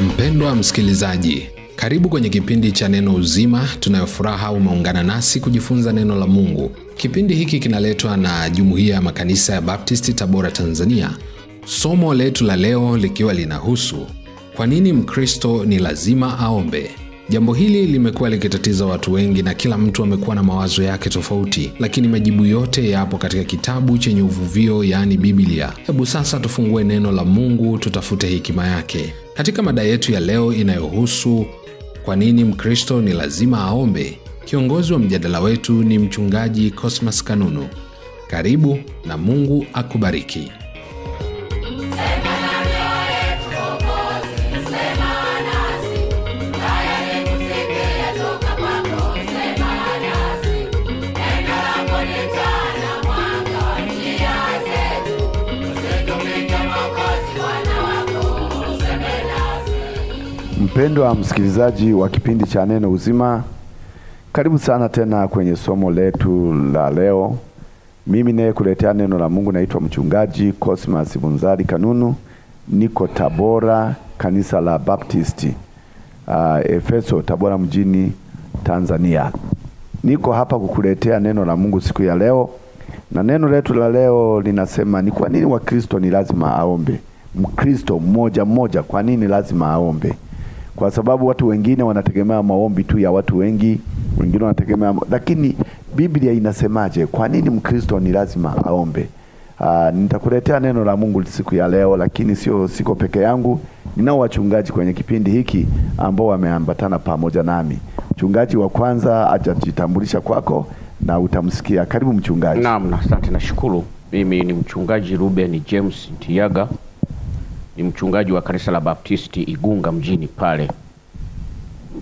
Mpendwa msikilizaji, karibu kwenye kipindi cha Neno Uzima. Tunayofuraha umeungana nasi kujifunza neno la Mungu. Kipindi hiki kinaletwa na Jumuiya ya Makanisa ya Baptisti, Tabora, Tanzania, somo letu la leo likiwa linahusu kwa nini Mkristo ni lazima aombe. Jambo hili limekuwa likitatiza watu wengi na kila mtu amekuwa na mawazo yake tofauti, lakini majibu yote yapo katika kitabu chenye uvuvio, yaani Biblia. Hebu sasa tufungue neno la Mungu, tutafute hekima yake katika mada yetu ya leo inayohusu kwa nini Mkristo ni lazima aombe. Kiongozi wa mjadala wetu ni Mchungaji Cosmas Kanunu. Karibu na Mungu akubariki. Mpendwa msikilizaji wa kipindi cha Neno Uzima, karibu sana tena kwenye somo letu la leo. Mimi naye kuletea neno la Mungu naitwa mchungaji Cosmas Bunzali Kanunu, niko Tabora, kanisa la Baptisti uh, Efeso, Tabora mjini, Tanzania. Niko hapa kukuletea neno la Mungu siku ya leo, na neno letu la leo linasema ni kwa nini Wakristo ni lazima aombe. Mkristo mmoja mmoja, kwa nini lazima aombe? kwa sababu watu wengine wanategemea maombi tu ya watu wengi, wengine wanategemea, lakini Biblia inasemaje? Kwa nini Mkristo ni lazima aombe? Aa, ah, nitakuletea neno la Mungu siku ya leo, lakini sio siko peke yangu. Ninao wachungaji kwenye kipindi hiki ambao wameambatana pamoja nami. Mchungaji wa kwanza ajajitambulisha kwako na utamsikia. Karibu mchungaji. Naam, asante na shukuru. Mimi ni mchungaji Ruben James Tiaga ni mchungaji wa kanisa la Baptisti Igunga mjini pale.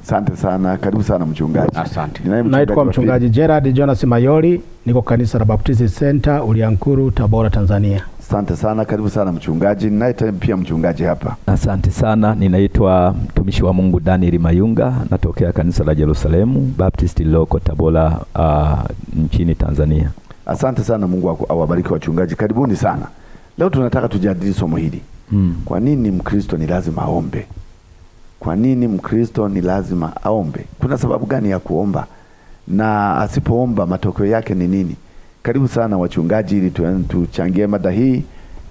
Asante sana, karibu sana mchungaji. Asante. Naitwa mchungaji Gerard Jonas Mayoli, niko kanisa la Baptist Center Uliankuru, Tabora, Tanzania. Asante sana, karibu sana mchungaji. Ninaita pia mchungaji hapa. Asante sana, ninaitwa mtumishi wa Mungu Daniel Mayunga, natokea kanisa la jerusalemu Baptist Loko, Tabora, uh, nchini Tanzania. Asante sana, Mungu awabariki wachungaji, karibuni sana. Leo tunataka tujadili somo hili Mm. Kwa nini Mkristo ni lazima aombe? Kwa nini Mkristo ni lazima aombe? Kuna sababu gani ya kuomba? Na asipoomba matokeo yake ni nini? Karibu sana wachungaji, ili tuchangie mada hii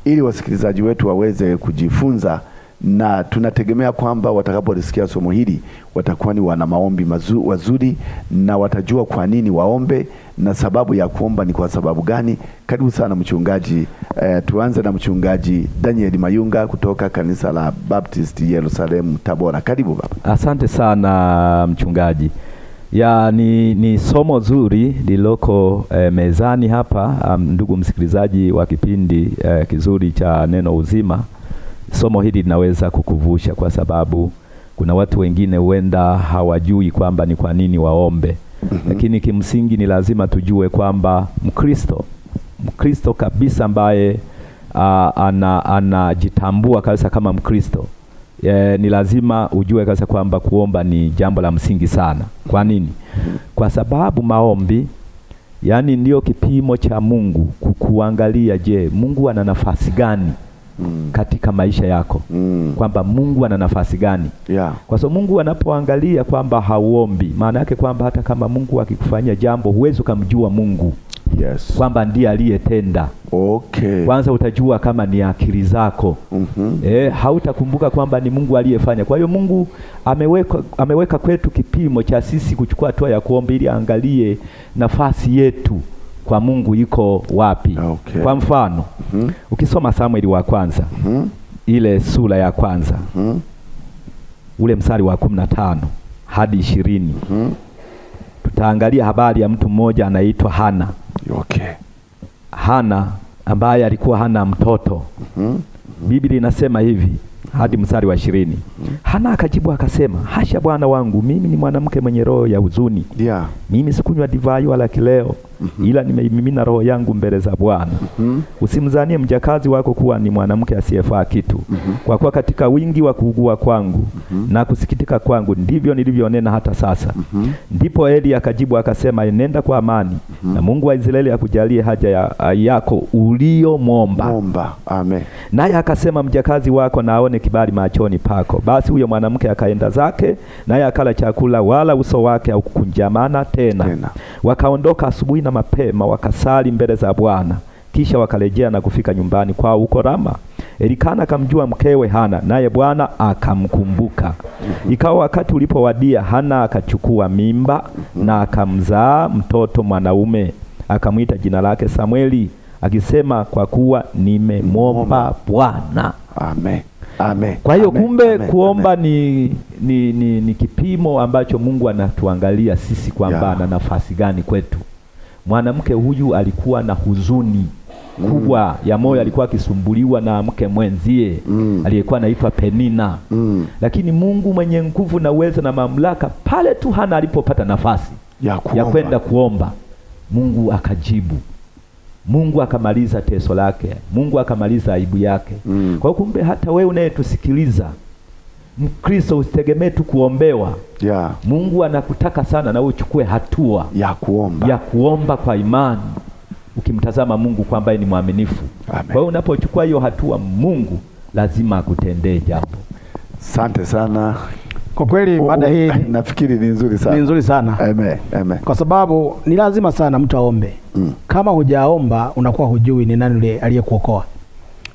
ili wasikilizaji wetu waweze kujifunza na tunategemea kwamba watakapolisikia somo hili watakuwa ni wana maombi mazuri wazuri na watajua kwa nini waombe na sababu ya kuomba ni kwa sababu gani. Karibu sana mchungaji. Eh, tuanze na mchungaji Daniel Mayunga kutoka kanisa la Baptist Yerusalemu Tabora. Karibu baba. Asante sana mchungaji. Ya, ni, ni somo zuri liloko eh, mezani hapa, ndugu msikilizaji wa kipindi eh, kizuri cha neno uzima somo hili linaweza kukuvusha, kwa sababu kuna watu wengine huenda hawajui kwamba ni kwa nini waombe. mm -hmm. Lakini kimsingi ni lazima tujue kwamba Mkristo, Mkristo kabisa ambaye anajitambua ana kabisa kama Mkristo E, ni lazima ujue kabisa kwamba kuomba ni jambo la msingi sana. Kwa nini? Kwa sababu maombi yaani ndiyo kipimo cha Mungu kukuangalia, je, Mungu ana nafasi gani mm. katika maisha yako mm. kwamba Mungu ana nafasi gani yeah. Kwa sababu Mungu anapoangalia kwamba hauombi, maana yake kwamba hata kama Mungu akikufanyia jambo huwezi ukamjua Mungu Yes. Kwamba ndiye aliyetenda. Okay. Kwanza utajua kama ni akili zako. mm -hmm. E, hautakumbuka kwamba ni Mungu aliyefanya. Kwa hiyo Mungu ameweka, ameweka kwetu kipimo cha sisi kuchukua hatua ya kuomba ili aangalie nafasi yetu kwa Mungu iko wapi? Ah, okay. Kwa mfano mm -hmm. ukisoma Samueli wa kwanza mm -hmm. ile sura ya kwanza mm -hmm. ule msari wa kumi na tano hadi ishirini mm -hmm. tutaangalia habari ya mtu mmoja anaitwa Hana. Okay. Hana ambaye alikuwa hana mtoto mm -hmm. Biblia inasema hivi hadi msari wa ishirini. Mm -hmm. Hana akajibu akasema, hasha bwana wangu, mimi ni mwanamke mwenye roho ya huzuni. Yeah. Mimi sikunywa divai wala kileo mm -hmm. ila nimeimimina roho yangu mbele za Bwana. mm -hmm. Usimzanie mjakazi wako kuwa ni mwanamke asiyefaa kitu. mm -hmm. Kwa kuwa katika wingi wa kuugua kwangu mm -hmm. na kusikitika kwangu ndivyo nilivyonena hata sasa. mm -hmm. Ndipo Eli akajibu akasema, nenda kwa amani mm -hmm. na Mungu wa Israeli akujalie haja ya, yako uliyomwomba. mwomba Amen. Naye akasema, mjakazi wako na aone kibali machoni pako. Basi huyo mwanamke akaenda zake, naye akala chakula, wala uso wake haukukunjamana tena. Tena. Wakaondoka asubuhi wakaenda mapema wakasali mbele za Bwana, kisha wakarejea na kufika nyumbani kwao huko Rama. Elikana akamjua mkewe Hana, naye Bwana akamkumbuka. Ikawa wakati ulipowadia, Hana akachukua mimba na akamzaa mtoto mwanaume, akamwita jina lake Samweli, akisema kwa kuwa nimemwomba Bwana. Amen. Amen. Kwa hiyo kumbe, Amen. kuomba Amen. Ni, ni, ni, ni kipimo ambacho Mungu anatuangalia sisi kwamba ana nafasi gani kwetu mwanamke huyu alikuwa na huzuni mm. kubwa mm. ya moyo, alikuwa akisumbuliwa na mke mwenzie mm. aliyekuwa anaitwa Penina mm. lakini Mungu mwenye nguvu na uwezo na mamlaka, pale tu Hana alipopata nafasi ya, ya kwenda kuomba, Mungu akajibu. Mungu akamaliza teso lake, Mungu akamaliza aibu yake mm. Kwa hiyo kumbe, hata wewe unayetusikiliza Mkristo usitegemee tu kuombewa yeah. Mungu anakutaka sana na uchukue hatua ya kuomba, ya kuomba kwa imani ukimtazama Mungu kwa ambaye ni mwaminifu. Kwa hiyo unapochukua hiyo hatua, Mungu lazima akutendee jambo. Asante sana. Kwa kweli mada hii nafikiri ni nzuri sana, ni nzuri sana. Amen. Amen. Kwa sababu ni lazima sana mtu aombe mm. Kama hujaomba unakuwa hujui ni nani aliyekuokoa,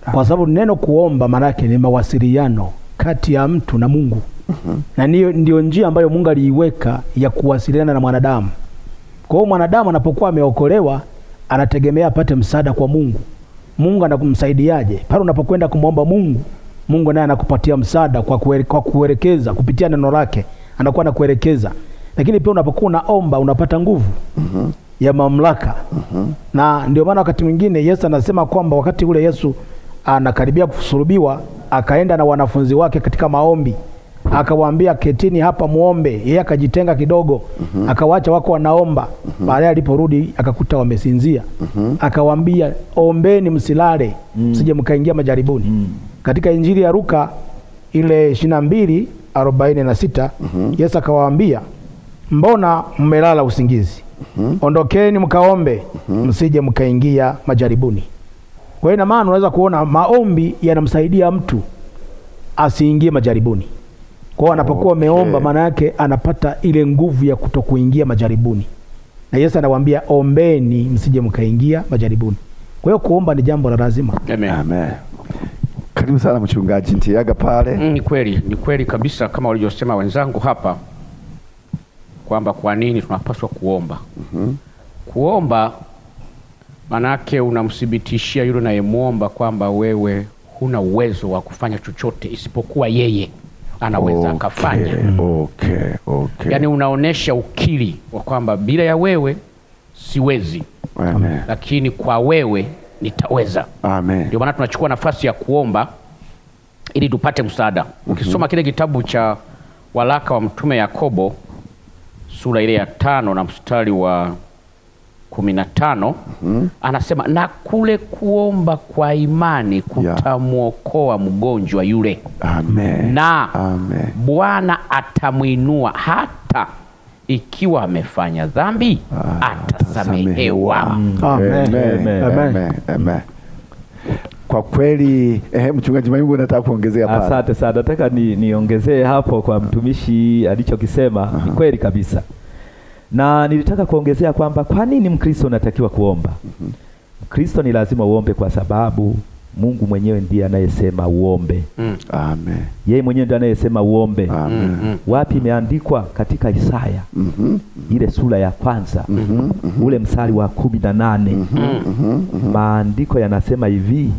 ah. kwa sababu neno kuomba yake ni mawasiliano kati ya mtu na Mungu mm-hmm. na niyo, ndiyo njia ambayo Mungu aliiweka ya kuwasiliana na mwanadamu. Kwa hiyo mwanadamu anapokuwa ameokolewa anategemea apate msaada kwa Mungu. Mungu anakumsaidiaje? Pale unapokwenda kumwomba Mungu, Mungu naye anakupatia msaada kwa, kuwele, kwa kuelekeza kupitia neno lake anakuwa anakuelekeza, lakini pia unapokuwa unaomba unapata nguvu mm-hmm. ya mamlaka mm-hmm. na ndio maana wakati mwingine Yesu anasema kwamba wakati ule Yesu anakaribia kusulubiwa, akaenda na wanafunzi wake katika maombi, akawaambia ketini hapa muombe. Yeye akajitenga kidogo, mm -hmm. akawacha wako wanaomba. mm -hmm. Baadaye aliporudi akakuta wamesinzia. mm -hmm. Akawaambia ombeni, msilale, mm. msije mm. mkaingia majaribuni. mm. Katika Injili ya Luka ile ishirini na mbili arobaini na sita mm -hmm. Yesu akawaambia mbona mmelala usingizi? mm -hmm. Ondokeni mkaombe, mm -hmm. msije mkaingia majaribuni. Kwa hiyo ina maana unaweza kuona maombi yanamsaidia mtu asiingie majaribuni. Kwa hiyo anapokuwa ameomba, okay, maana yake anapata ile nguvu ya kutokuingia majaribuni, na Yesu anawaambia ombeni, msije mkaingia majaribuni. Kwa hiyo kuomba ni jambo la lazima. Amen. Amen. Karibu sana mchungaji Ntiaga pale. Mm, ni kweli, ni kweli kabisa kama walivyosema wenzangu hapa kwamba kwa nini tunapaswa kuomba. mm -hmm. Kuomba manake unamthibitishia yule unayemwomba kwamba wewe huna uwezo wa kufanya chochote isipokuwa yeye anaweza akafanya. Okay, okay, okay. Yaani unaonesha ukiri wa kwamba bila ya wewe siwezi. Amen. Lakini kwa wewe nitaweza. Amen. Ndio maana tunachukua nafasi ya kuomba ili tupate msaada. Mhm. Ukisoma mm -hmm. kile kitabu cha waraka wa mtume Yakobo sura ile ya tano na mstari wa kumi na tano mm -hmm. anasema na kule kuomba kwa imani kutamwokoa mgonjwa yule. Amen. na Bwana atamwinua hata ikiwa amefanya dhambi ah, atasamehewa. Amen. Amen. Amen. Amen. Amen. Kwa kweli eh, mchungaji Mayungu nataka kuongezea pale. Asante sana, nataka niongezee hapo kwa mtumishi alichokisema. Ni kweli kabisa na nilitaka kuongezea kwamba kwa nini Mkristo anatakiwa kuomba? Mkristo ni lazima uombe kwa sababu Mungu mwenyewe ndiye anayesema uombe. Mm. Amen. Yeye mwenyewe ndiye anayesema uombe. Amen. Mm, mm. Wapi imeandikwa? Katika Isaya. Mm -hmm. Ile sura ya kwanza. Mm -hmm. Ule msali wa kumi na nane. Mm-hmm. Mm -hmm. Mm -hmm. Maandiko yanasema hivi,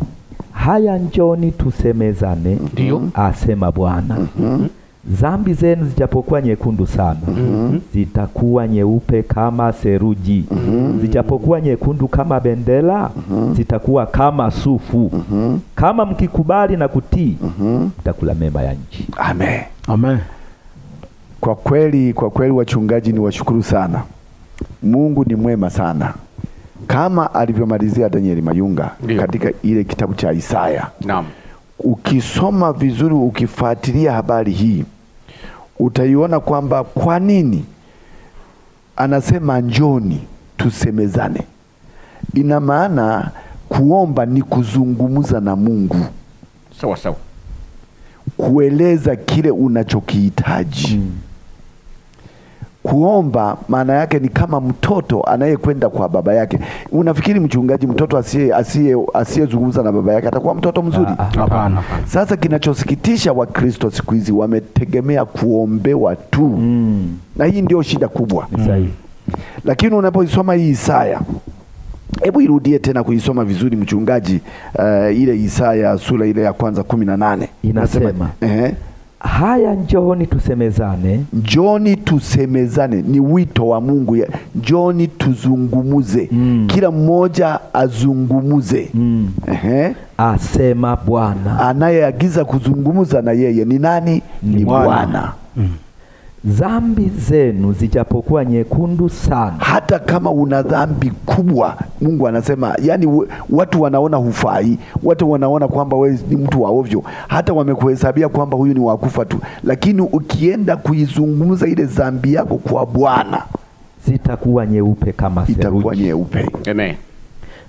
haya njoni tusemezane, ndio asema Bwana. Mm -hmm dhambi zenu zijapokuwa nyekundu sana mm -hmm. zitakuwa nyeupe kama seruji mm -hmm. zijapokuwa nyekundu kama bendera mm -hmm. zitakuwa kama sufu mm -hmm. kama mkikubali na kutii mhm. mtakula mm -hmm. mema ya nchi. Amen. Amen. Kwa kweli, kwa kweli wachungaji, ni washukuru sana. Mungu ni mwema sana kama alivyomalizia Danieli Mayunga Ndiyo. katika ile kitabu cha Isaya. Naam. Ukisoma vizuri ukifuatilia habari hii utaiona kwamba kwa nini anasema njoni tusemezane. Ina maana kuomba ni kuzungumza na Mungu, sawa sawa, kueleza kile unachokihitaji mm. Kuomba maana yake ni kama mtoto anayekwenda kwa baba yake. Unafikiri mchungaji, mtoto asiye asiye asiyezungumza na baba yake atakuwa mtoto mzuri? Ah, ah, hapana. Sasa kinachosikitisha, Wakristo siku hizi wametegemea kuombewa tu mm. na hii ndio shida kubwa mm. Lakini unapoisoma hii Isaya, hebu irudie tena kuisoma vizuri mchungaji, uh, ile Isaya sura ile ya kwanza kumi na nane inasema, inasema. Haya, njoni tusemezane. Njoni tusemezane ni wito wa Mungu. Njoni tuzungumuze mm. Kila mmoja azungumuze mm. Ehe. Asema Bwana. Anayeagiza kuzungumuza na yeye ni nani? Ni Bwana mm dhambi zenu zijapokuwa nyekundu sana. Hata kama una dhambi kubwa, Mungu anasema yani, watu wanaona hufai, watu wanaona kwamba wewe ni mtu wa ovyo, hata wamekuhesabia kwamba huyu ni wakufa tu, lakini ukienda kuizungumza ile dhambi yako kwa Bwana, zitakuwa nyeupe kama seruji, itakuwa nyeupe. Amen.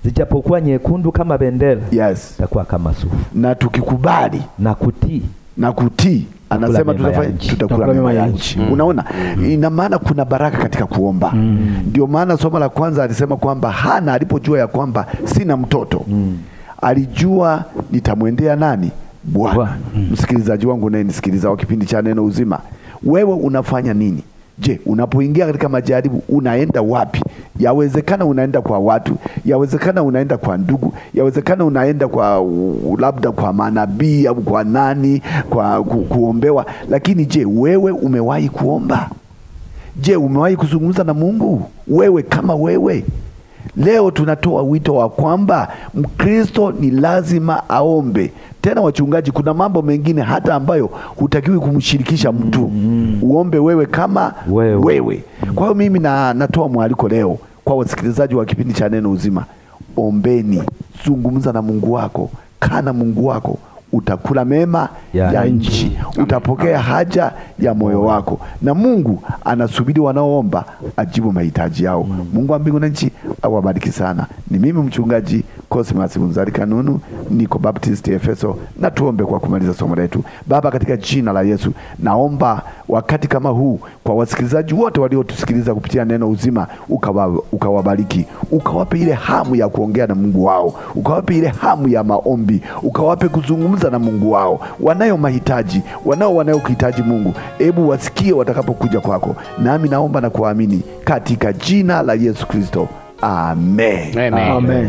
Zijapokuwa nyekundu kama bendera, yes, itakuwa kama sufu. Na tukikubali na kutii na kutii anasema tutafanya tutakula mema ya nchi. Mm. Unaona, ina maana kuna baraka katika kuomba. Mm. Ndio mm. maana somo la kwanza alisema kwamba Hana alipojua ya kwamba sina mtoto mm. alijua nitamwendea nani? Bwana. Mm. Msikilizaji wangu naye nisikiliza wa kipindi cha Neno Uzima, wewe unafanya nini? Je, unapoingia katika majaribu unaenda wapi? Yawezekana unaenda kwa watu, yawezekana unaenda kwa ndugu, yawezekana unaenda kwa labda kwa manabii au kwa nani, kwa ku, kuombewa. Lakini je, wewe umewahi kuomba? Je, umewahi kuzungumza na Mungu? Wewe kama wewe Leo tunatoa wito wa kwamba Mkristo ni lazima aombe. Tena wachungaji, kuna mambo mengine hata ambayo hutakiwi kumshirikisha mtu mm -hmm. Uombe wewe kama wewe, wewe. Kwa hiyo mimi na, natoa mwaliko leo kwa wasikilizaji wa kipindi cha Neno Uzima, ombeni, zungumza na Mungu wako, kaa na Mungu wako utakula mema ya, ya nchi, utapokea haja ya moyo wako, na Mungu anasubiri wanaoomba ajibu mahitaji yao. Mm. Mungu wa mbingu na nchi awabariki sana. Ni mimi mchungaji Cosmas Munzari Kanunu, niko Baptist Efeso, na tuombe kwa kumaliza somo letu. Baba, katika jina la Yesu, naomba wakati kama huu kwa wasikilizaji wote waliotusikiliza kupitia neno uzima, ukawabariki, ukawa ukawape ile hamu ya kuongea na Mungu wao, ukawape ile hamu ya maombi, ukawape kuzungumza na Mungu wao, wanayo mahitaji, wanao wanayokuhitaji Mungu, ebu wasikie watakapokuja kwako, nami naomba na kuamini katika jina la Yesu Kristo. Amen. Amen. Amen.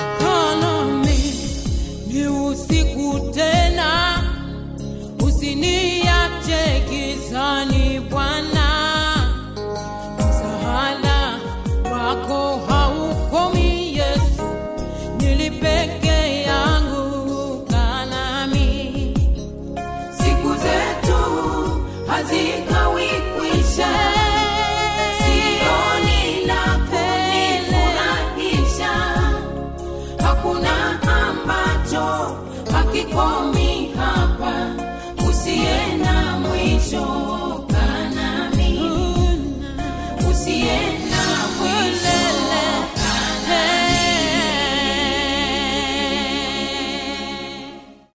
Brasil.